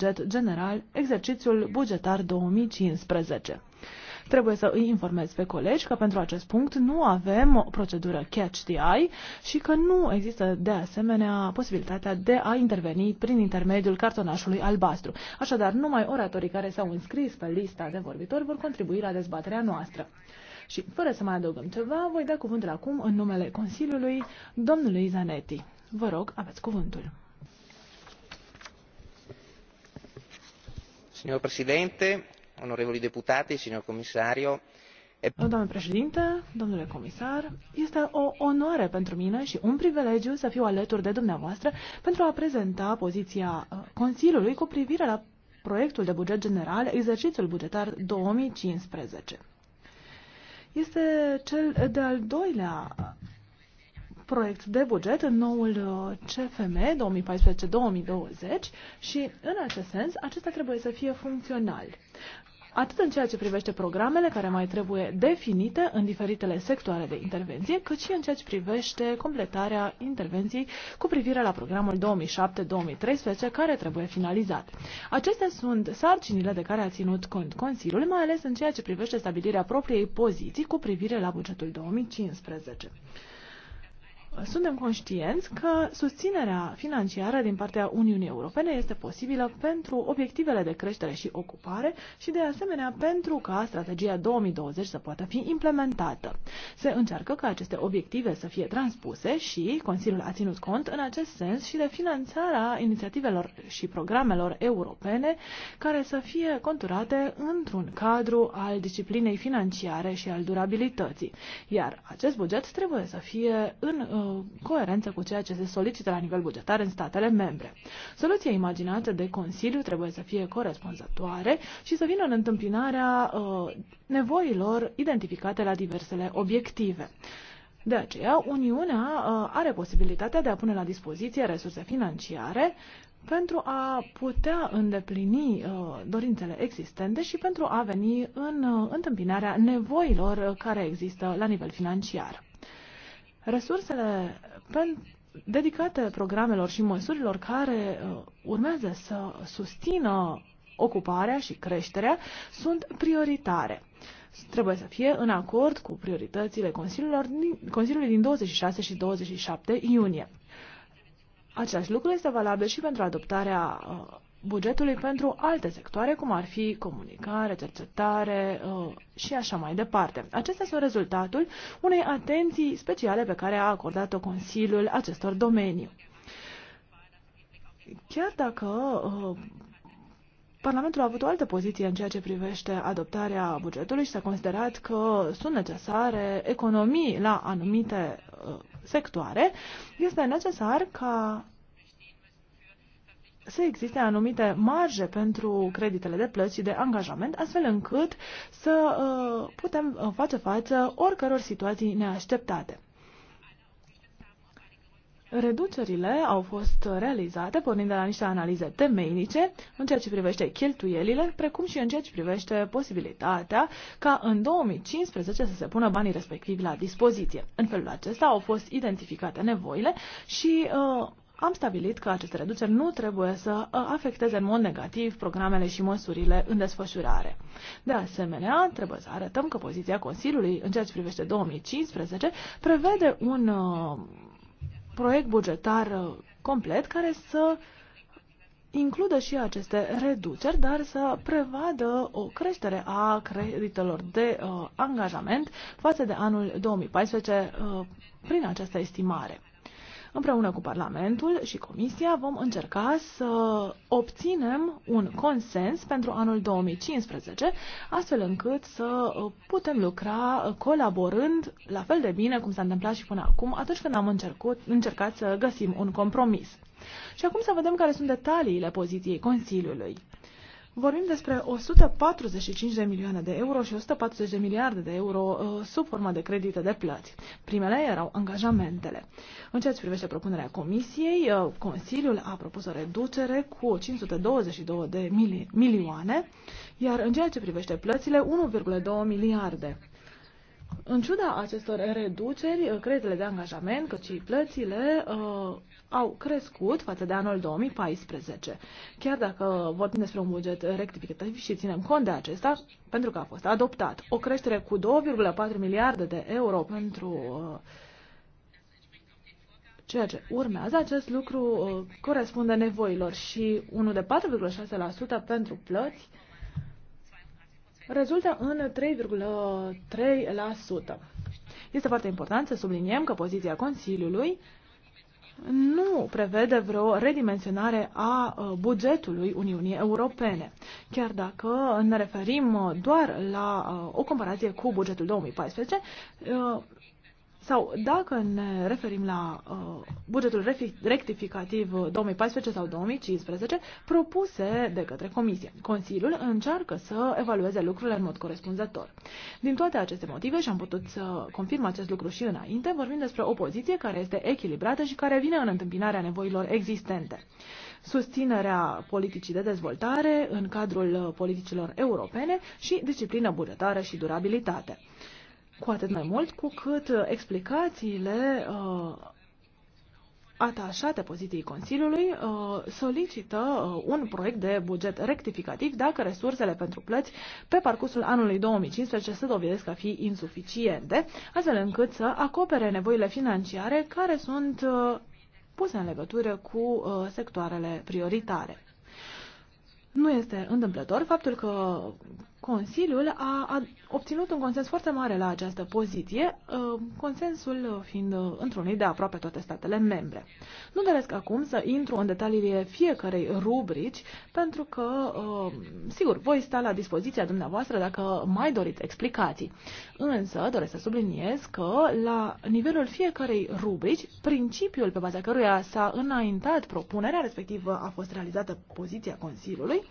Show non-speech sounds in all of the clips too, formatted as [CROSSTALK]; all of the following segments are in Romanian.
buget general exercițiul bugetar 2015. Trebuie să îi informez pe colegi că pentru acest punct nu avem o procedură catch the eye și că nu există de asemenea posibilitatea de a interveni prin intermediul cartonașului albastru. Așadar, numai oratorii care s-au înscris pe lista de vorbitori vor contribui la dezbaterea noastră. Și fără să mai adăugăm ceva, voi da cuvântul acum în numele Consiliului domnului Zanetti. Vă rog, aveți cuvântul. signor Președinte, onorevoli deputati signor comisario doamnă președintă domnule comisar este o onoare pentru mine și un privilegiu să fiu alături de dumneavoastră pentru a prezenta poziția uh, consiliului cu privire la proiectul de buget general exercițiul bugetar 2015. Este cel de-al doilea proiect de buget în noul uh, CFM 2014-2020 și, în acest sens, acesta trebuie să fie funcțional. Atât în ceea ce privește programele care mai trebuie definite în diferitele sectoare de intervenție, cât și în ceea ce privește completarea intervenției cu privire la programul 2007-2013 care trebuie finalizat. Acestea sunt sarcinile de care a ținut cont Consiliul, mai ales în ceea ce privește stabilirea propriei poziții cu privire la bugetul 2015 suntem conștienți că susținerea financiară din partea Uniunii Europene este posibilă pentru obiectivele de creștere și ocupare și, de asemenea, pentru ca strategia 2020 să poată fi implementată. Se încearcă ca aceste obiective să fie transpuse și Consiliul a ținut cont în acest sens și de finanțarea inițiativelor și programelor europene care să fie conturate într-un cadru al disciplinei financiare și al durabilității. Iar acest buget trebuie să fie în uh, coerență cu ceea ce se solicită la nivel bugetar în statele membre. Soluția imaginată de Consiliu trebuie să fie corespunzătoare și să vină în întâmpinarea uh, nevoilor identificate la diversele obiective. De aceea, Uniunea uh, are posibilitatea de a pune la dispoziție resurse financiare pentru a putea îndeplini uh, dorințele existente și pentru a veni în întâmpinarea nevoilor care există la nivel financiar. Resursele dedicate programelor și măsurilor care uh, urmează să susțină ocuparea și creșterea sunt prioritare. Trebuie să fie în acord cu prioritățile Consiliilor, Consiliului din 26 și 27 iunie. Același lucru este valabil și pentru adoptarea uh, bugetului pentru alte sectoare, cum ar fi comunicare, cercetare uh, și așa mai departe. Acestea sunt rezultatul unei atenții speciale pe care a acordat-o Consiliul acestor domenii. Chiar dacă uh, Parlamentul a avut o altă poziție în ceea ce privește adoptarea bugetului și s-a considerat că sunt necesare economii la anumite uh, sectoare, este necesar ca să existe anumite marje pentru creditele de plăți și de angajament, astfel încât să uh, putem uh, face față oricăror situații neașteptate. Reducerile au fost realizate pornind de la niște analize temeinice în ceea ce privește cheltuielile, precum și în ceea ce privește posibilitatea ca în 2015 să se pună banii respectivi la dispoziție. În felul acesta au fost identificate nevoile și uh, am stabilit că aceste reduceri nu trebuie să uh, afecteze în mod negativ programele și măsurile în desfășurare. De asemenea, trebuie să arătăm că poziția Consiliului în ceea ce privește 2015 prevede un uh, proiect bugetar uh, complet care să includă și aceste reduceri, dar să prevadă o creștere a creditelor de uh, angajament față de anul 2014 uh, prin această estimare. Împreună cu Parlamentul și Comisia vom încerca să obținem un consens pentru anul 2015, astfel încât să uh, putem lucra uh, colaborând la fel de bine cum s-a întâmplat și până acum, atunci când am încercut, încercat să găsim un compromis. Și acum să vedem care sunt detaliile poziției Consiliului. Vorbim despre 145 de milioane de euro și 140 de miliarde de euro uh, sub forma de credite de plăți. Primele erau angajamentele. În ceea ce privește propunerea Comisiei, uh, Consiliul a propus o reducere cu 522 de milioane, iar în ceea ce privește plățile, 1,2 miliarde. În ciuda acestor reduceri, creditele de angajament, cât și plățile, uh, au crescut față de anul 2014. Chiar dacă vorbim despre un buget rectificativ și ținem cont de acesta, pentru că a fost adoptat o creștere cu 2,4 miliarde de euro pentru uh, ceea ce urmează, acest lucru uh, corespunde nevoilor și unul de 4,6% pentru plăți rezultă în 3,3%. Este foarte important să subliniem că poziția Consiliului nu prevede vreo redimensionare a uh, bugetului Uniunii Europene. Chiar dacă ne referim doar la uh, o comparație cu bugetul 2014, sau dacă ne referim la uh, bugetul rectificativ 2014 uh, sau 2015 propuse de către Comisie. Consiliul încearcă să evalueze lucrurile în mod corespunzător. Din toate aceste motive, și am putut să confirm acest lucru și înainte, vorbim despre o poziție care este echilibrată și care vine în întâmpinarea nevoilor existente susținerea politicii de dezvoltare în cadrul uh, politicilor europene și disciplină bugetară și durabilitate. Cu atât mai mult cu cât uh, explicațiile uh, atașate poziției Consiliului uh, solicită uh, un proiect de buget rectificativ dacă resursele pentru plăți pe parcursul anului 2015 se dovedesc a fi insuficiente, astfel încât să acopere nevoile financiare care sunt uh, puse în legătură cu uh, sectoarele prioritare. Nu este întâmplător faptul că Consiliul a obținut un consens foarte mare la această poziție, uh, consensul fiind uh, întrunit de aproape toate statele membre. Nu doresc acum să intru în detaliile fiecarei rubrici, pentru că, uh, sigur, voi sta la dispoziția dumneavoastră dacă mai doriți explicații. Însă, doresc să subliniez că, la nivelul fiecarei rubrici, principiul pe baza căruia s-a înaintat propunerea, respectiv a fost realizată poziția Consiliului,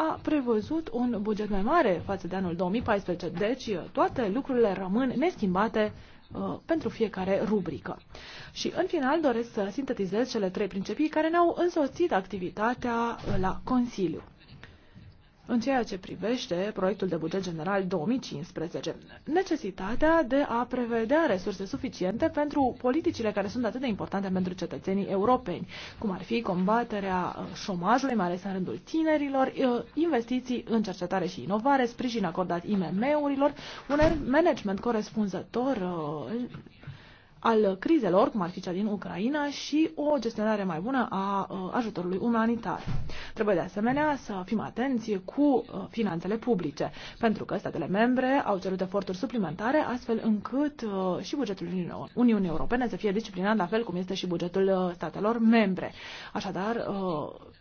a prevăzut un buget mai mare față de anul 2014. Deci toate lucrurile rămân neschimbate uh, pentru fiecare rubrică. Și în final doresc să sintetizez cele trei principii care ne-au însoțit activitatea uh, la Consiliu în ceea ce privește proiectul de buget general 2015. Necesitatea de a prevedea resurse suficiente pentru politicile care sunt atât de importante pentru cetățenii europeni, cum ar fi combaterea uh, șomajului, mai ales în rândul tinerilor, uh, investiții în cercetare și inovare, sprijin acordat IMM-urilor, un management corespunzător uh, al crizelor, cum ar fi cea din Ucraina, și o gestionare mai bună a uh, ajutorului umanitar. Trebuie de asemenea să fim atenți cu uh, finanțele publice, pentru că statele membre au cerut eforturi suplimentare, astfel încât uh, și bugetul Uniunii Europene să fie disciplinat, la fel cum este și bugetul statelor membre. Așadar,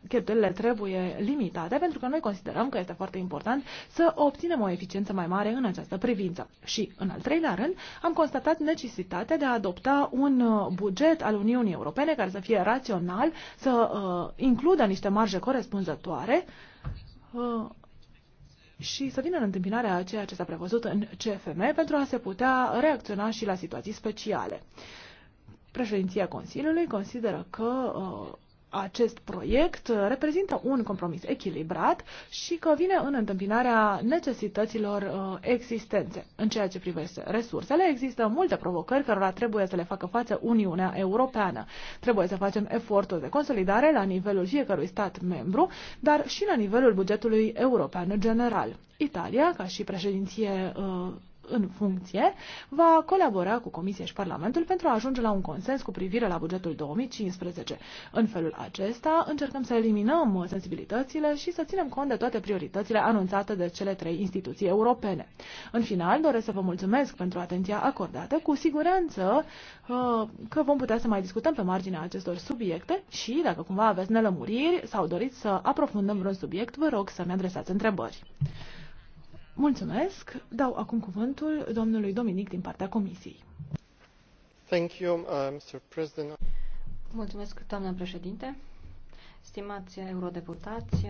cheltuielile trebuie limitate, pentru că noi considerăm că este foarte important să obținem o eficiență mai mare în această privință. Și, în al treilea rând, am constatat necesitatea de a adopta un uh, buget al Uniunii Europene care să fie rațional, să uh, includă niște marje corespunzătoare uh, și să vină în întâmpinarea a ceea ce s-a prevăzut în CFM pentru a se putea reacționa și la situații speciale. Președinția Consiliului consideră că uh, acest proiect uh, reprezintă un compromis echilibrat și că vine în întâmpinarea necesităților uh, existențe. În ceea ce privește resursele, există multe provocări cărora trebuie să le facă față Uniunea Europeană. Trebuie să facem eforturi de consolidare la nivelul fiecărui stat membru, dar și la nivelul bugetului european general. Italia, ca și președinție uh, în funcție va colabora cu Comisia și Parlamentul pentru a ajunge la un consens cu privire la bugetul 2015. În felul acesta încercăm să eliminăm sensibilitățile și să ținem cont de toate prioritățile anunțate de cele trei instituții europene. În final, doresc să vă mulțumesc pentru atenția acordată. Cu siguranță uh, că vom putea să mai discutăm pe marginea acestor subiecte și, dacă cumva aveți nelămuriri sau doriți să aprofundăm vreun subiect, vă rog să-mi adresați întrebări. Mulțumesc. Dau acum cuvântul domnului Dominic din partea Comisiei. Thank you, uh, Mr. President. Mulțumesc, doamnă președinte. Stimați eurodeputați,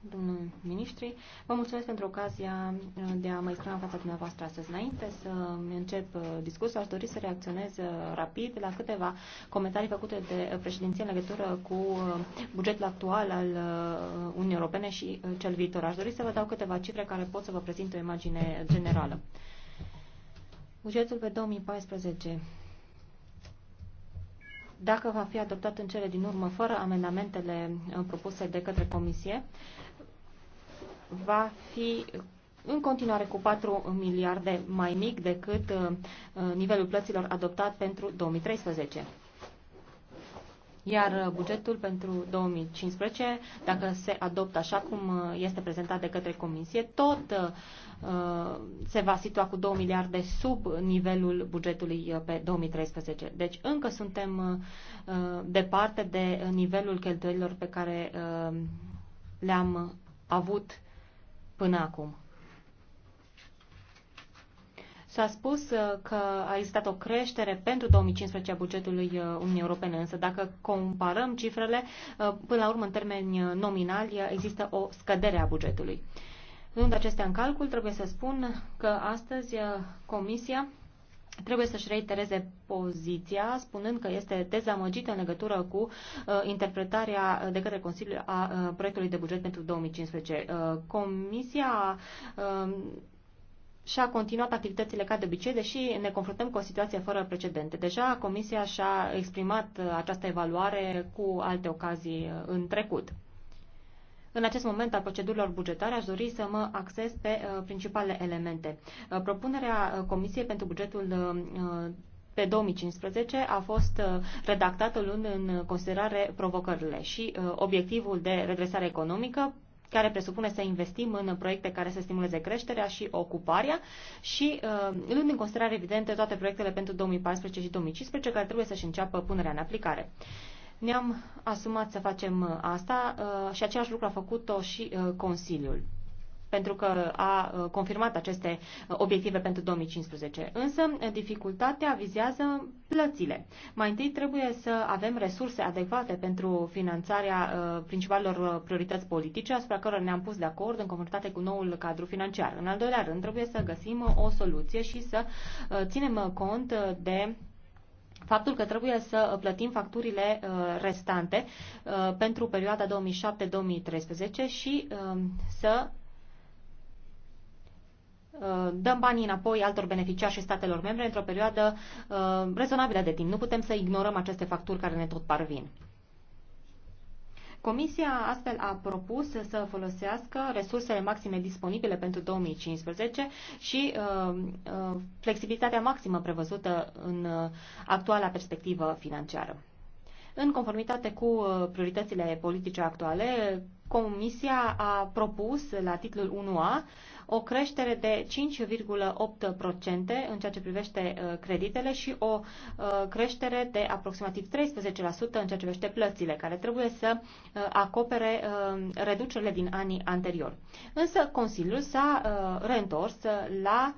domnul ministri, vă mulțumesc pentru ocazia uh, de a mă exprima în fața dumneavoastră astăzi. Înainte să încep uh, discursul, aș dori să reacționez uh, rapid la câteva comentarii făcute de președinție în legătură cu bugetul actual al Uniunii Europene și cel viitor. Aș dori să vă dau câteva cifre care pot să vă prezint o imagine generală. Bugetul pe 2014 dacă va fi adoptat în cele din urmă fără amendamentele uh, propuse de către Comisie, va fi în continuare cu 4 miliarde mai mic decât uh, uh, nivelul plăților adoptat pentru 2013. Iar uh, bugetul pentru 2015, dacă se adoptă așa cum uh, este prezentat de către Comisie, tot uh, se va situa cu 2 miliarde sub nivelul bugetului pe 2013. Deci încă suntem departe de nivelul cheltuielilor pe care le-am avut până acum. S-a spus uh, că a existat o creștere pentru 2015 a bugetului uh, Uniunii Europene, însă dacă comparăm cifrele, uh, până la urmă, în termeni nominali, există o scădere a bugetului. Luând acestea în calcul, trebuie să spun că astăzi Comisia trebuie să-și reitereze poziția, spunând că este dezamăgită în legătură cu uh, interpretarea de către Consiliul a uh, proiectului de buget pentru 2015. Uh, comisia uh, și-a continuat activitățile ca de obicei, deși ne confruntăm cu o situație fără precedente. Deja Comisia și-a exprimat această evaluare cu alte ocazii în trecut. În acest moment al procedurilor bugetare aș dori să mă axez pe uh, principalele elemente. Uh, propunerea uh, Comisiei pentru bugetul uh, uh pe 2015 a fost uh, redactată luând în considerare provocările și uh, obiectivul de redresare economică care presupune să investim în proiecte care să stimuleze creșterea și ocuparea și uh, luând în considerare evidente toate proiectele pentru 2014 și 2015 care trebuie să-și înceapă punerea în aplicare. Ne-am asumat să facem asta uh, și același lucru a făcut-o și uh, Consiliul pentru că a uh, confirmat aceste uh, obiective pentru 2015. Însă, uh, dificultatea vizează plățile. Mai întâi trebuie să avem resurse adecvate pentru finanțarea principalelor priorități politice, asupra cărora ne-am pus de acord în conformitate cu noul cadru financiar. În al doilea rând, trebuie să găsim o soluție și să ținem cont de faptul că trebuie să plătim facturile restante pentru perioada 2007-2013 și să Uh, dăm banii înapoi altor beneficiari și statelor membre într-o perioadă uh, rezonabilă de timp. Nu putem să ignorăm aceste facturi care ne tot parvin. Comisia astfel a propus să folosească resursele maxime disponibile pentru 2015 și uh, uh, flexibilitatea maximă prevăzută în uh, actuala perspectivă financiară. În conformitate cu uh, prioritățile politice actuale, Comisia a propus la titlul 1A o creștere de 5,8% în ceea ce privește uh, creditele și o uh, creștere de aproximativ 13% în ceea ce privește plățile, care trebuie să uh, acopere reducerile din anii anterior. Însă Consiliul s-a reîntors la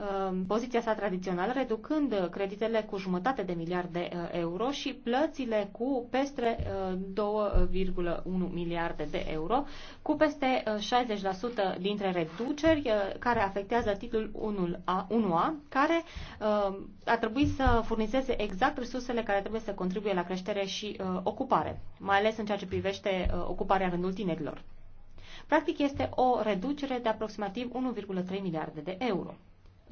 Um, poziția sa tradițională, reducând creditele cu jumătate de miliard de uh, euro și plățile cu peste 2,1 uh, miliarde de euro, cu peste 60% uh, dintre reduceri care afectează titlul 1A, 1A care a trebuit să furnizeze exact resursele care trebuie să contribuie la creștere și ocupare, mai ales în ceea ce privește ocuparea rândul tinerilor. Practic este o reducere de aproximativ 1,3 miliarde de euro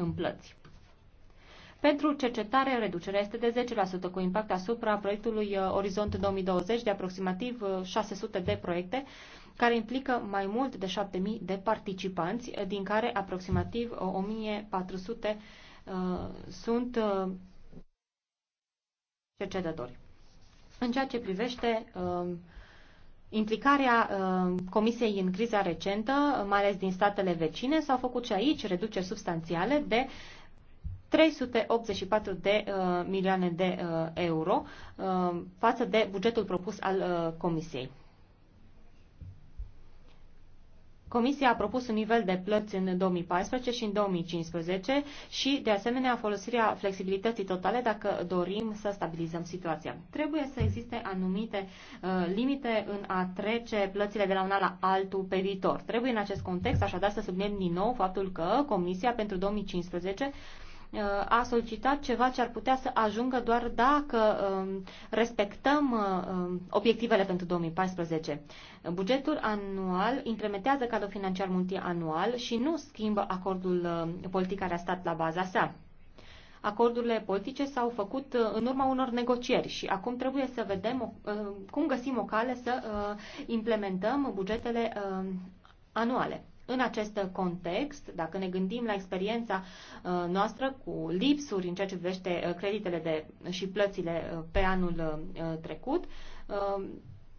în plăți. Pentru cercetare, reducerea este de 10% cu impact asupra proiectului uh, Orizont 2020 de aproximativ 600 uh, de proiecte, care implică mai mult de 7000 de participanți, uh, din care aproximativ 1400 sunt cercetători. În ceea ce privește implicarea uh, Comisiei în criza recentă, mai ales din statele vecine, s-au făcut și aici reduceri substanțiale de 384 de uh, milioane de uh, euro uh, față de bugetul propus al uh, Comisiei. Comisia a propus un nivel de plăți în 2014 și în 2015 și, de asemenea, folosirea flexibilității totale dacă dorim să stabilizăm situația. Trebuie să existe anumite uh, limite în a trece plățile de la un la altul pe viitor. Trebuie în acest context, așadar, să subliniem din nou faptul că Comisia pentru 2015 Uh, a solicitat ceva ce ar putea să ajungă doar dacă um, respectăm uh, um, obiectivele pentru 2014. Bugetul anual implementează cadrul financiar multianual și nu schimbă acordul uh, politic care a stat la baza sa. Acordurile politice s-au făcut în urma unor negocieri și acum trebuie să vedem cum găsim o cale să implementăm bugetele anuale. În acest context, dacă ne gândim la experiența uh, noastră cu lipsuri în ceea ce privește uh, creditele de, și plățile uh, pe anul trecut,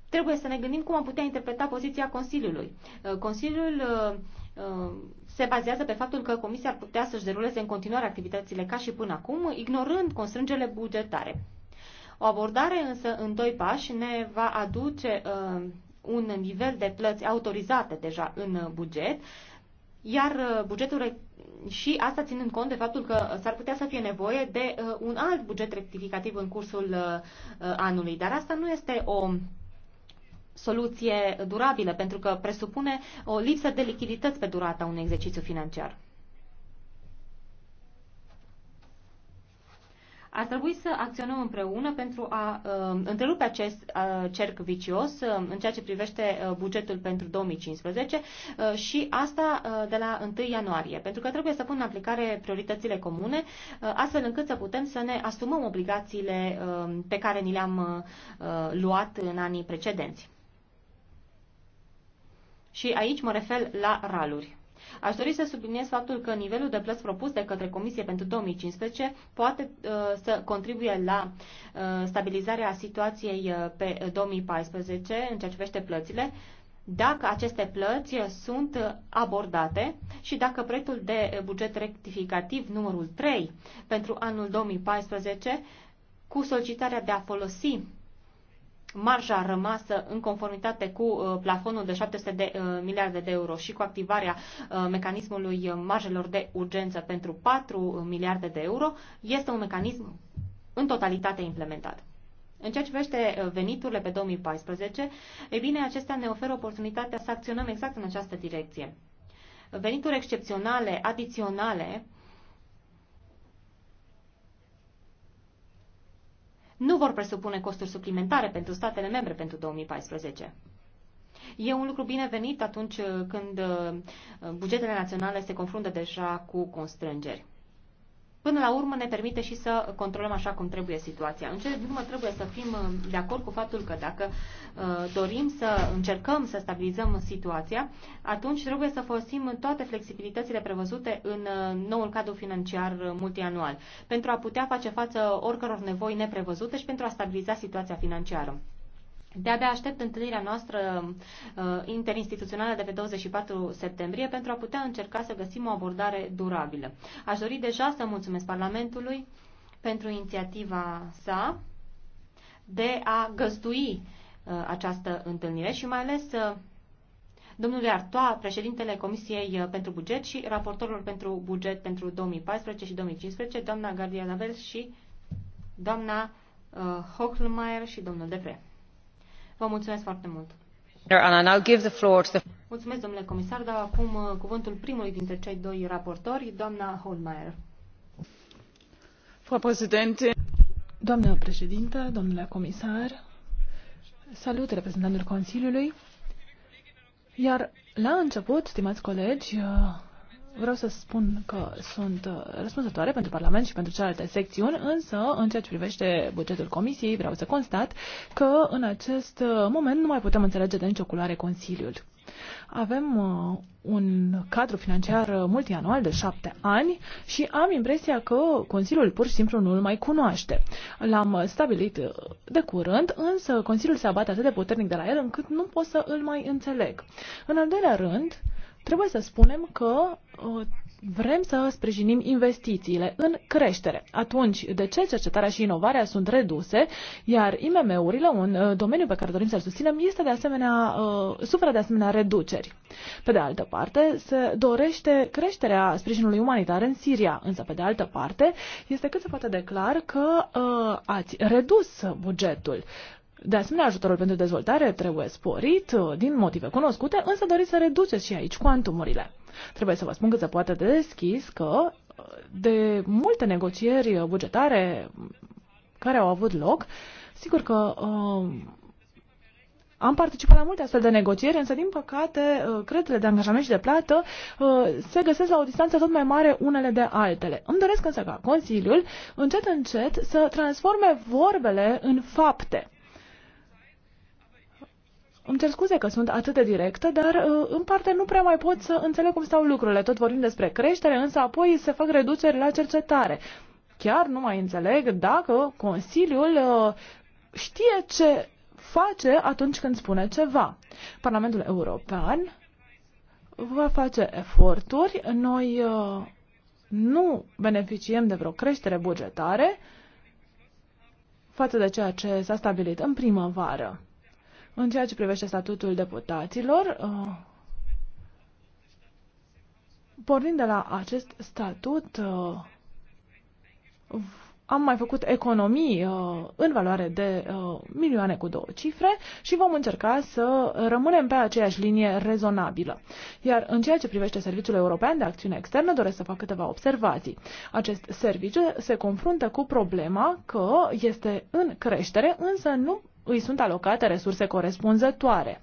trebuie să ne gândim cum am putea interpreta poziția Consiliului. Consiliul se bazează pe faptul că Comisia ar putea să-și deruleze în continuare activitățile ca și până acum, ignorând constrângerile bugetare. O abordare însă în doi pași ne va aduce un nivel de plăți autorizate deja în buget, iar uh, bugetul și asta ținând cont de faptul că s-ar putea să fie nevoie de uh, un alt buget rectificativ în cursul uh, anului. Dar asta nu este o soluție durabilă, pentru că presupune o lipsă de lichidități pe durata unui exercițiu financiar. Ar trebui să acționăm împreună pentru a uh, întrerupe acest uh, cerc vicios uh, în ceea ce privește uh, bugetul pentru 2015 uh, și asta uh, de la 1 ianuarie, pentru că trebuie să pun în aplicare prioritățile comune, uh, astfel încât să putem să ne asumăm obligațiile uh, pe care ni le-am uh, luat în anii precedenți. Și aici mă refer la raluri. Aș dori să subliniez faptul că nivelul de plăți propus de către Comisie pentru 2015 poate uh, să contribuie la uh, stabilizarea situației uh, pe 2014 în ceea ce privește plățile, dacă aceste plăți sunt abordate și dacă proiectul de buget rectificativ numărul 3 pentru anul 2014 cu solicitarea de a folosi marja rămasă în conformitate cu uh, plafonul de 700 de uh, miliarde de euro și cu activarea uh, mecanismului marjelor de urgență pentru 4 miliarde de euro, este un mecanism în totalitate implementat. În ceea ce privește veniturile pe 2014, e bine, acestea ne oferă oportunitatea să acționăm exact în această direcție. Venituri excepționale, adiționale, nu vor presupune costuri suplimentare pentru statele membre pentru 2014. E un lucru binevenit atunci când uh, bugetele naționale se confruntă deja cu constrângeri până la urmă ne permite și să controlăm așa cum trebuie situația. În cele din urmă trebuie să fim uh, de acord cu faptul că dacă uh, dorim să încercăm să stabilizăm situația, atunci trebuie să folosim toate flexibilitățile prevăzute în uh, noul cadru financiar multianual pentru a putea face față oricăror nevoi neprevăzute și pentru a stabiliza situația financiară. De-abia aștept întâlnirea noastră uh, interinstituțională de pe 24 septembrie pentru a putea încerca să găsim o abordare durabilă. Aș dori deja să mulțumesc Parlamentului pentru inițiativa sa de a găzdui uh, această întâlnire și mai ales uh, domnului Artoa, președintele Comisiei uh, pentru Buget și raportorul pentru buget pentru 2014 și 2015, doamna Gardia Navel și doamna uh, Hochlmeier și domnul Depre. Vă mulțumesc foarte mult. Mulțumesc, domnule comisar, dar acum uh, cuvântul primului dintre cei doi raportori, doamna Holmeier. Doamnă președintă, domnule comisar, salut reprezentantul Consiliului. Iar la început, stimați colegi, uh, vreau să spun că sunt uh, răspunzătoare pentru Parlament și pentru celelalte secțiuni, însă în ceea ce privește bugetul Comisiei vreau să constat că în acest uh, moment nu mai putem înțelege de nicio culoare Consiliul. Avem uh, un cadru financiar multianual de șapte ani și am impresia că Consiliul pur și simplu nu îl mai cunoaște. L-am stabilit uh, de curând, însă Consiliul se abate atât de puternic de la el încât nu pot să îl mai înțeleg. În al doilea rând, uh, Trebuie să spunem că uh, vrem să sprijinim investițiile în creștere. Atunci, de ce cercetarea și inovarea sunt reduse, iar IMM-urile, un uh, domeniu pe care dorim să-l susținem, este de asemenea, uh, suferă de asemenea reduceri. Pe de altă parte, se dorește creșterea sprijinului umanitar în Siria, însă pe de altă parte, este cât se poate declar că ați redus bugetul. De asemenea, ajutorul pentru dezvoltare trebuie sporit uh, din motive cunoscute, însă doriți să reduceți și aici cuantumurile. Trebuie să vă spun că se poate de deschis că uh, de multe negocieri bugetare care au avut loc, sigur că uh, am participat la multe astfel de negocieri, însă, din păcate, uh, creditele de angajament și de plată se găsesc la o distanță tot mai mare unele de altele. Îmi doresc însă ca Consiliul, încet, încet, să transforme vorbele în fapte. Îmi cer scuze că sunt atât de directă, dar uh, în parte nu prea mai pot să înțeleg cum stau lucrurile. Tot vorbim despre creștere, însă apoi se fac reduceri la cercetare. Chiar nu mai înțeleg dacă Consiliul uh, știe ce face atunci când spune ceva. Parlamentul European va face eforturi, noi uh, nu beneficiem de vreo creștere bugetare față de ceea ce s-a stabilit în primăvară. În ceea ce privește statutul deputaților, uh, pornind de la acest statut, uh, am mai făcut economii uh, în valoare de milioane cu două cifre și vom încerca să rămânem pe aceeași linie rezonabilă. Iar în ceea ce privește Serviciul European de Acțiune Externă, doresc să fac câteva observații. Acest serviciu se confruntă cu problema că este în creștere, însă nu îi sunt alocate resurse corespunzătoare.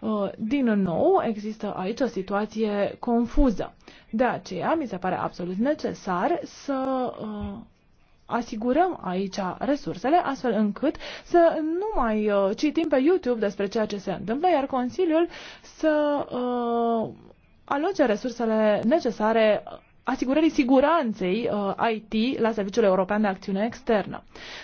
Uh, din nou, există aici o situație confuză. De aceea, mi se pare absolut necesar să uh, asigurăm aici resursele, astfel încât să nu mai uh, citim pe YouTube despre ceea ce se întâmplă, iar Consiliul să aloce resursele necesare asigurării siguranței uh, IT la Serviciul European de Acțiune Externă.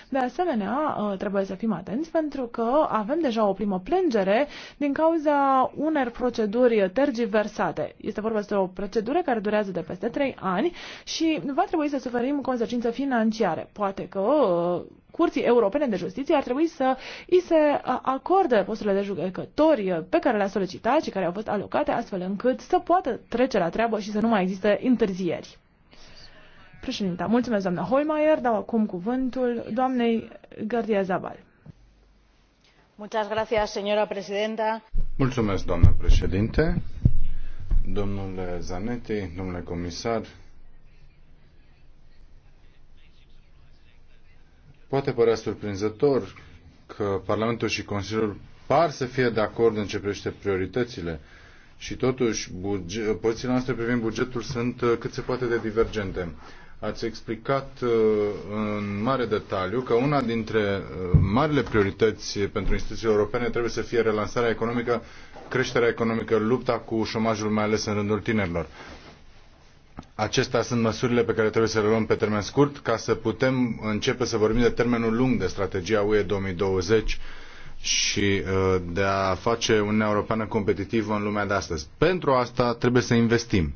De asemenea, uh, trebuie să fim atenți pentru că avem deja o primă plângere din cauza unor proceduri tergiversate. Este vorba despre o procedură care durează de peste 3 ani și va trebui să suferim consecințe financiare. Poate că uh, Curții Europene de Justiție ar trebui să îi se acorde posturile de judecători pe care le-a solicitat și care au fost alocate, astfel încât să poată trece la treabă și să nu mai existe întârzieri. Președinta, mulțumesc doamna Holmeier, dau acum cuvântul doamnei Gardia Zabal. Muchas gracias, señora presidenta. Mulțumesc, doamnă președinte. Domnule Zanetti, domnule comisar, Poate părea surprinzător că Parlamentul și Consiliul par să fie de acord în ce privește prioritățile și totuși pozițiile noastre privind bugetul sunt uh, cât se poate de divergente. Ați explicat uh, în mare detaliu că una dintre uh, marile priorități pentru instituțiile europene trebuie să fie relansarea economică, creșterea economică, lupta cu șomajul, mai ales în rândul tinerilor acestea sunt măsurile pe care trebuie să le luăm pe termen scurt ca să putem începe să vorbim de termenul lung de strategia ue două mii douăzeci și uh, de a face Uniunea Europeană competitivă în lumea de astăzi. Pentru asta trebuie să investim.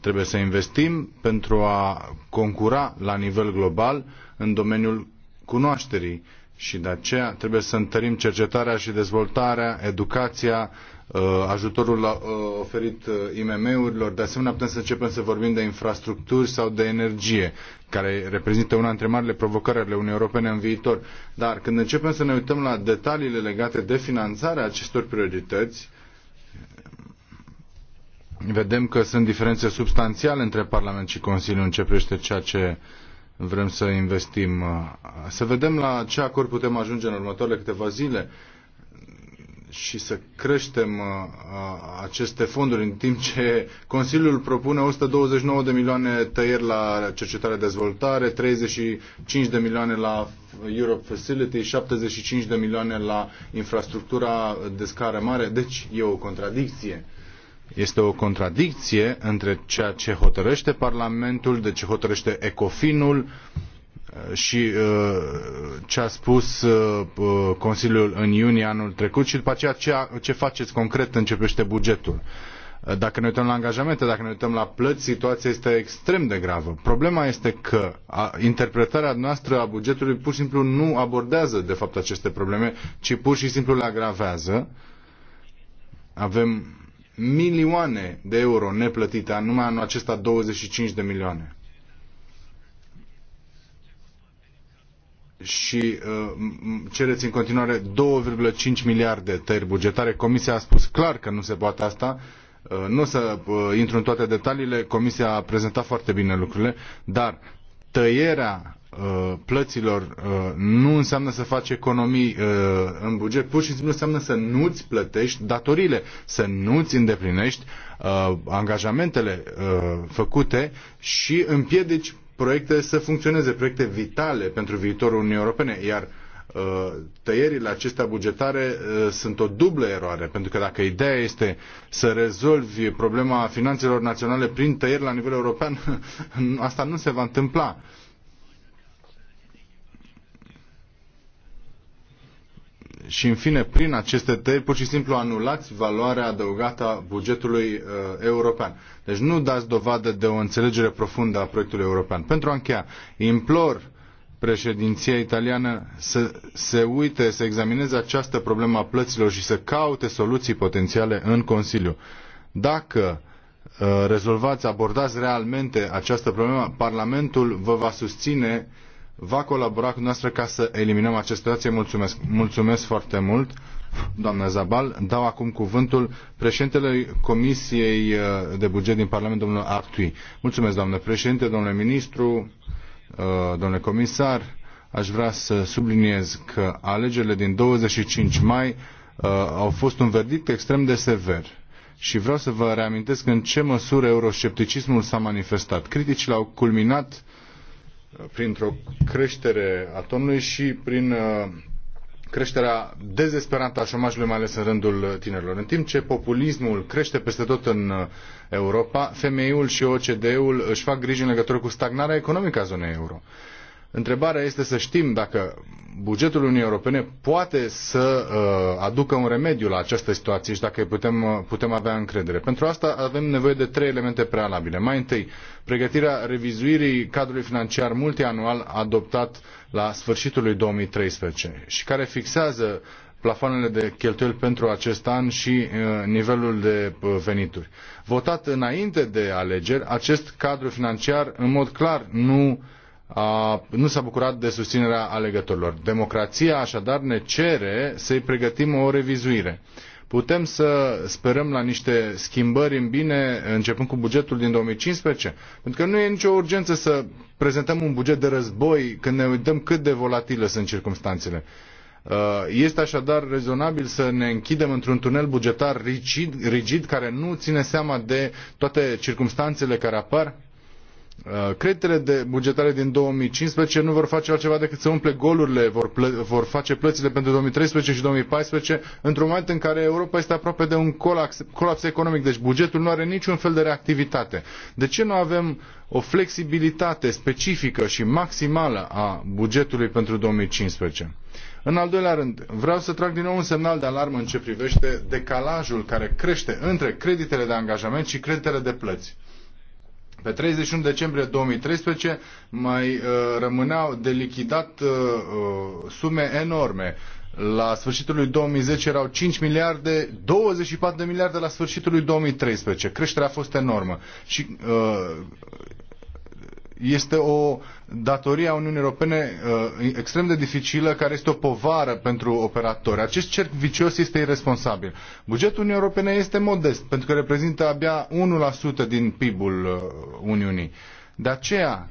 Trebuie să investim pentru a concura la nivel global în domeniul cunoașterii și de aceea trebuie să întărim cercetarea și dezvoltarea, educația, Uh, ajutorul uh, oferit uh, IMM-urilor. De asemenea, putem să începem să vorbim de infrastructuri sau de energie, care reprezintă una dintre marile provocări ale Uniunii Europene în viitor. Dar când începem să ne uităm la detaliile legate de finanțarea acestor priorități, vedem că sunt diferențe substanțiale între Parlament și Consiliu în ce privește ceea ce vrem să investim. Să vedem la ce acord putem ajunge în următoarele câteva zile și să creștem uh, uh, aceste fonduri în timp ce Consiliul propune 129 de milioane tăieri la cercetare dezvoltare, 35 de milioane la Europe Facility, 75 de milioane la infrastructura de scară mare. Deci e o contradicție este o contradicție între ceea ce hotărăște Parlamentul, de ce hotărăște Ecofinul și uh, ce a spus uh, uh, Consiliul în iunie anul trecut și după aceea ce faceți concret începește bugetul. Dacă ne uităm la angajamente, dacă ne uităm la plăți, situația este extrem de gravă. Problema este că interpretarea noastră a bugetului pur și simplu nu abordează de fapt aceste probleme, ci pur și simplu le agravează. Avem milioane de euro neplătite, numai anul acesta 25 de milioane și uh, cereți în continuare 2,5 miliarde tăieri bugetare. Comisia a spus clar că nu se poate asta. Uh, nu o să uh, intru în toate detaliile, Comisia a prezentat foarte bine lucrurile, dar tăierea plăților nu înseamnă să faci economii în buget, pur și simplu înseamnă să nu-ți plătești datoriile, să nu-ți îndeplinești angajamentele făcute și împiedici proiecte să funcționeze, proiecte vitale pentru viitorul Uniunii Europene, iar uh, tăierile acestea bugetare uh, sunt o dublă eroare, pentru că dacă ideea este să rezolvi problema finanțelor naționale prin tăieri la nivel european, [LAUGHS] asta nu se va întâmpla și, în fine, prin aceste tăieri, pur și simplu anulați valoarea adăugată a bugetului uh, european. Deci nu dați dovadă de o înțelegere profundă a proiectului european. Pentru a încheia, implor președinția italiană să se uite, să examineze această problemă a plăților și să caute soluții potențiale în Consiliu. Dacă uh, rezolvați, abordați realmente această problemă, Parlamentul vă va susține uh, va colabora cu noastră ca să eliminăm această situație. Mulțumesc, mulțumesc foarte mult, doamna Zabal. Dau acum cuvântul președintele Comisiei uh, de Buget din Parlament, domnul Actui. Mulțumesc, doamnă președinte, domnule ministru, uh, domnule comisar. Aș vrea să subliniez că alegerile din 25 mai uh, au fost un verdict extrem de sever și vreau să vă reamintesc în ce măsură euroscepticismul s-a manifestat. Criticile au culminat printr-o creștere a tonului și prin uh, creșterea dezesperată a șomajului, mai ales în rândul uh, tinerilor. În timp ce populismul crește peste tot în uh, Europa, femeiul și OCDE-ul își fac griji în legătură cu stagnarea economică a zonei euro. Întrebarea este să știm dacă bugetul Uniunii Europene poate să uh, aducă un remediu la această situație și dacă putem, uh, putem avea încredere. Pentru asta avem nevoie de trei elemente prealabile. Mai întâi, pregătirea revizuirii cadrului financiar multianual adoptat la sfârșitul lui 2013 și care fixează plafoanele de cheltuieli pentru acest an și uh, nivelul de uh, venituri. Votat înainte de alegeri, acest cadru financiar în mod clar nu uh, nu s-a bucurat de susținerea alegătorilor. Democrația așadar ne cere să-i pregătim o revizuire. Putem să sperăm la niște schimbări în bine începând cu bugetul din 2015? Pentru că nu e nicio urgență să prezentăm un buget de război când ne uităm cât de volatile sunt circumstanțele. Este așadar rezonabil să ne închidem într-un tunel bugetar rigid, rigid care nu ține seama de toate circumstanțele care apar? Uh, creditele de bugetare din 2015 nu vor face altceva decât să umple golurile, vor, vor face plățile pentru 2013 și 2014 într-un moment în care Europa este aproape de un colaps, colaps economic, deci bugetul nu are niciun fel de reactivitate. De ce nu avem o flexibilitate specifică și maximală a bugetului pentru 2015? În al doilea rând, vreau să trag din nou un semnal de alarmă în ce privește decalajul care crește între creditele de angajament și creditele de plăți pe 31 decembrie 2013 mai uh, rămâneau de lichidat uh, uh sume enorme. La sfârșitul lui 2010 erau 5 miliarde, 24 de miliarde la sfârșitul lui 2013. Creșterea a fost enormă. Și uh, este o datoria Uniunii Europene uh, extrem de dificilă, care este o povară pentru operatori. Acest cerc vicios este irresponsabil. Bugetul Uniunii Europene este modest, pentru că reprezintă abia 1% din PIB-ul uh, Uniunii. De aceea,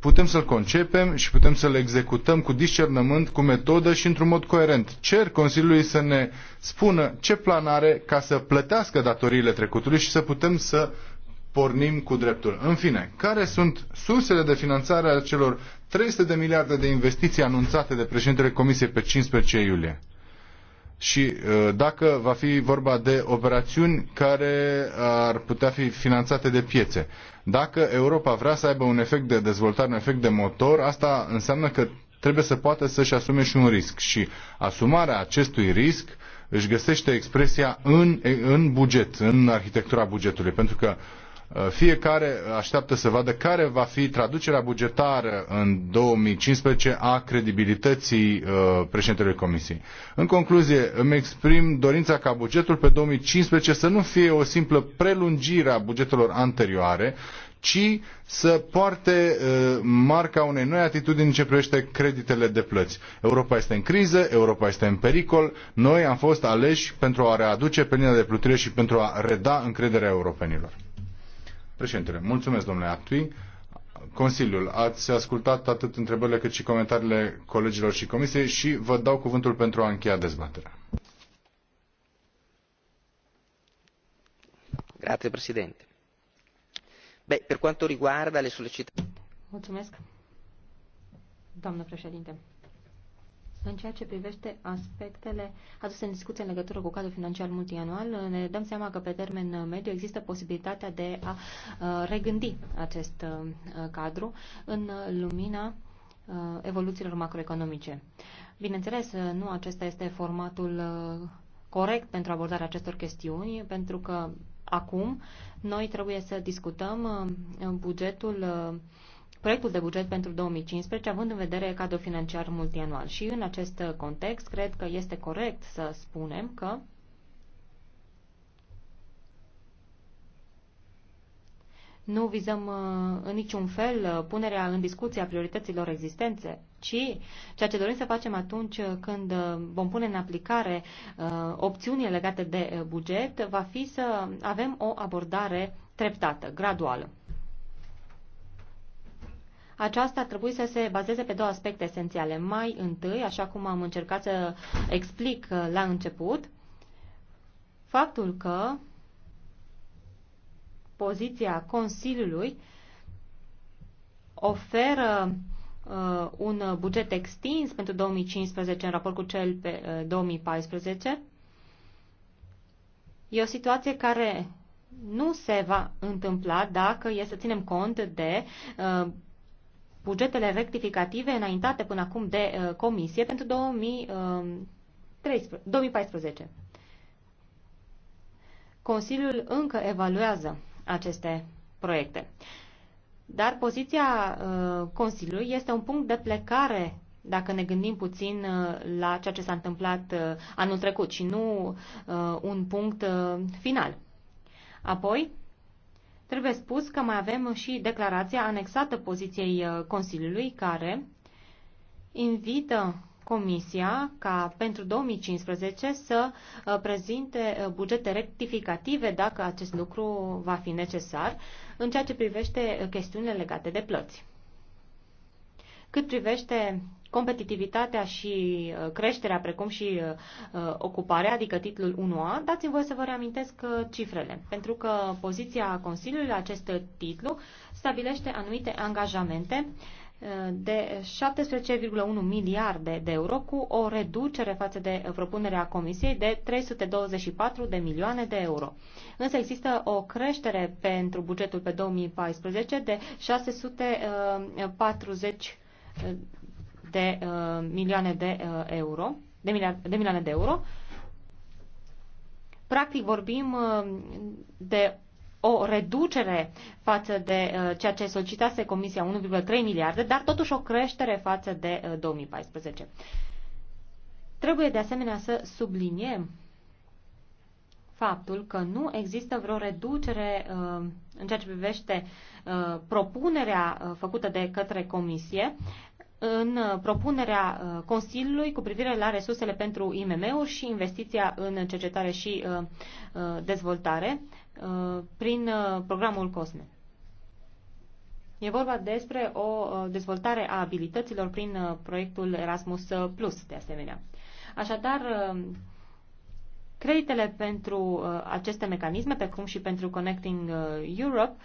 putem să-l concepem și putem să-l executăm cu discernământ, cu metodă și într-un mod coerent. Cer Consiliului să ne spună ce plan are ca să plătească datoriile trecutului și să putem să pornim cu dreptul. În fine, care sunt sursele de finanțare a celor 300 de miliarde de investiții anunțate de președintele Comisiei pe 15 iulie? și uh, dacă va fi vorba de operațiuni care uh, ar putea fi finanțate de piețe. Dacă Europa vrea să aibă un efect de dezvoltare, un efect de motor, asta înseamnă că trebuie să poată să-și asume și un risc. Și asumarea acestui risc își găsește expresia în, în buget, în arhitectura bugetului. Pentru că uh, Uh, fiecare așteaptă să vadă care va fi traducerea bugetară în 2015 a credibilității uh, președintelui Comisiei. În concluzie, îmi exprim dorința ca bugetul pe 2015 să nu fie o simplă prelungire a bugetelor anterioare, ci să poarte uh, marca unei noi atitudini în ce privește creditele de plăți. Europa este în criză, Europa este în pericol, noi am fost aleși pentru a readuce pe linia de plutire și pentru a reda încrederea europenilor. Președintele, mulțumesc domnule Actui. Consiliul, ați ascultat atât întrebările cât și comentariile colegilor și comisiei și vă dau cuvântul pentru a încheia dezbaterea. Grazie Presidente. Beh, per quanto riguarda le sollecitazioni... Mulțumesc, doamnă președinte. În ceea ce privește aspectele aduse în discuție în legătură cu cadrul financiar multianual, ne dăm seama că pe termen mediu există posibilitatea de a regândi acest cadru în lumina evoluțiilor macroeconomice. Bineînțeles, nu acesta este formatul corect pentru abordarea acestor chestiuni, pentru că acum noi trebuie să discutăm bugetul proiectul de buget pentru 2015, având în vedere cadrul financiar multianual. Și în acest context, cred că este corect să spunem că nu vizăm uh, în niciun fel uh, punerea în discuție a priorităților existențe, ci ceea ce dorim să facem atunci uh, când vom pune în aplicare opțiunile legate de buget va fi să avem o abordare treptată, graduală aceasta trebuie să se bazeze pe două aspecte esențiale. Mai întâi, așa cum am încercat să explic uh, la început, faptul că poziția Consiliului oferă uh, un buget extins pentru 2015 în raport cu cel pe uh, 2014. E o situație care nu se va întâmpla dacă e să ținem cont de uh, bugetele rectificative înaintate până acum de uh, comisie pentru 2013, 2014. Um, Consiliul încă evaluează aceste proiecte. Dar poziția uh, Consiliului este un punct de plecare dacă ne gândim puțin uh, la ceea ce s-a întâmplat uh, anul trecut și nu uh, un punct uh, final. Apoi, Trebuie spus că mai avem și declarația anexată poziției uh, Consiliului care invită Comisia ca pentru 2015 să uh, prezinte uh, bugete rectificative dacă acest lucru va fi necesar în ceea ce privește chestiunile legate de plăți. Cât privește competitivitatea și uh, creșterea, precum și uh, uh, ocuparea, adică titlul 1A, dați-mi voie să vă reamintesc cifrele, pentru că poziția Consiliului la acest titlu stabilește anumite angajamente de 17,1 miliarde de euro cu o reducere față de propunerea Comisiei de 324 de milioane de euro. Însă există o creștere pentru bugetul pe 2014 de 640 de uh, milioane de uh, euro, de, miliard, de milioane de euro. Practic vorbim uh, de o reducere față de uh, ceea ce solicitase Comisia 1,3 miliarde, dar totuși o creștere față de uh, 2014. Trebuie de asemenea să subliniem faptul că nu există vreo reducere uh, în ceea ce privește uh, propunerea uh, făcută de către Comisie în uh, propunerea uh, Consiliului cu privire la resursele pentru IMM-uri și investiția în cercetare și uh, dezvoltare prin programul COSME. E vorba despre o dezvoltare a abilităților prin proiectul Erasmus Plus, de asemenea. Așadar, creditele pentru aceste mecanisme, precum și pentru Connecting Europe,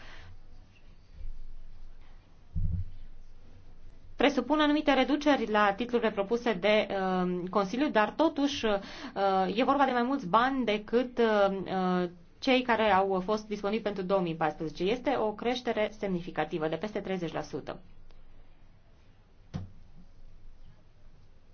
presupun anumite reduceri la titlurile propuse de uh, Consiliu, dar totuși uh, e vorba de mai mulți bani decât uh, cei care au fost disponibili pentru 2014. Este o creștere semnificativă, de peste 30%.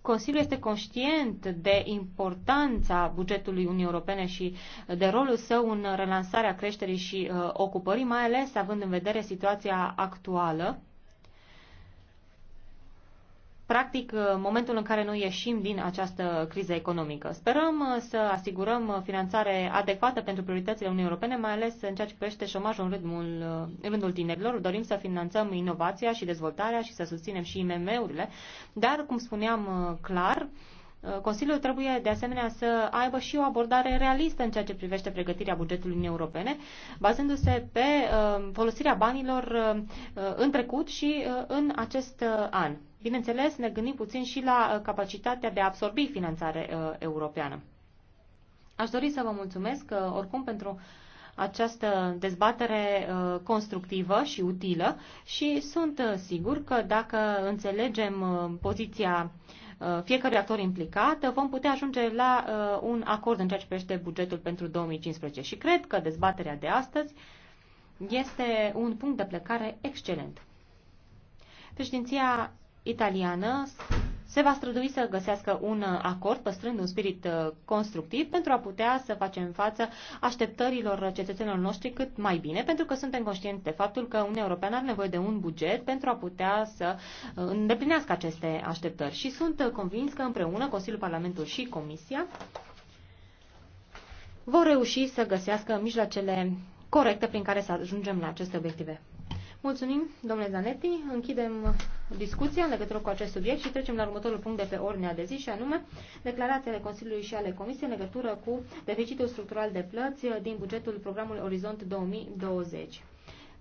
Consiliul este conștient de importanța bugetului Uniunii Europene și de rolul său în relansarea creșterii și uh, ocupării, mai ales având în vedere situația actuală practic uh, momentul în care noi ieșim din această criză economică. Sperăm uh, să asigurăm uh, finanțare adecvată pentru prioritățile Uniunii Europene, mai ales în ceea ce privește șomajul în rândul, în rândul tinerilor. Dorim să finanțăm inovația și dezvoltarea și să susținem și IMM-urile, dar, cum spuneam clar, Consiliul trebuie de asemenea să aibă și o abordare realistă în ceea ce privește pregătirea bugetului Uniunii Europene, bazându-se pe folosirea banilor în trecut și în acest an. Bineînțeles, ne gândim puțin și la uh, capacitatea de a absorbi finanțare uh, europeană. Aș dori să vă mulțumesc uh, oricum pentru această dezbatere constructivă și utilă și sunt sigur că dacă înțelegem poziția fiecărui actor implicat, vom putea ajunge la un acord în ceea ce privește bugetul pentru 2015. Și cred că dezbaterea de astăzi este un punct de plecare excelent. Președinția italiană se va strădui să găsească un acord, păstrând un spirit uh, constructiv, pentru a putea să facem față așteptărilor cetățenilor noștri cât mai bine, pentru că suntem conștienți de faptul că Uniunea Europeană are nevoie de un buget pentru a putea să uh, îndeplinească aceste așteptări. Și sunt uh, convins că împreună Consiliul, Parlamentul și Comisia vor reuși să găsească mijloacele corecte prin care să ajungem la aceste obiective. Mulțumim, domnule Zanetti. Închidem discuția în legătură cu acest subiect și trecem la următorul punct de pe ordinea de zi și anume declarațiile Consiliului și ale Comisiei în legătură cu deficitul structural de plăți din bugetul programului Orizont 2020.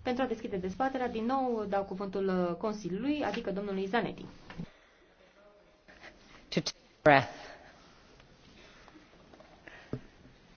Pentru a deschide dezbaterea, din nou dau cuvântul Consiliului, adică domnului Zanetti. To breath.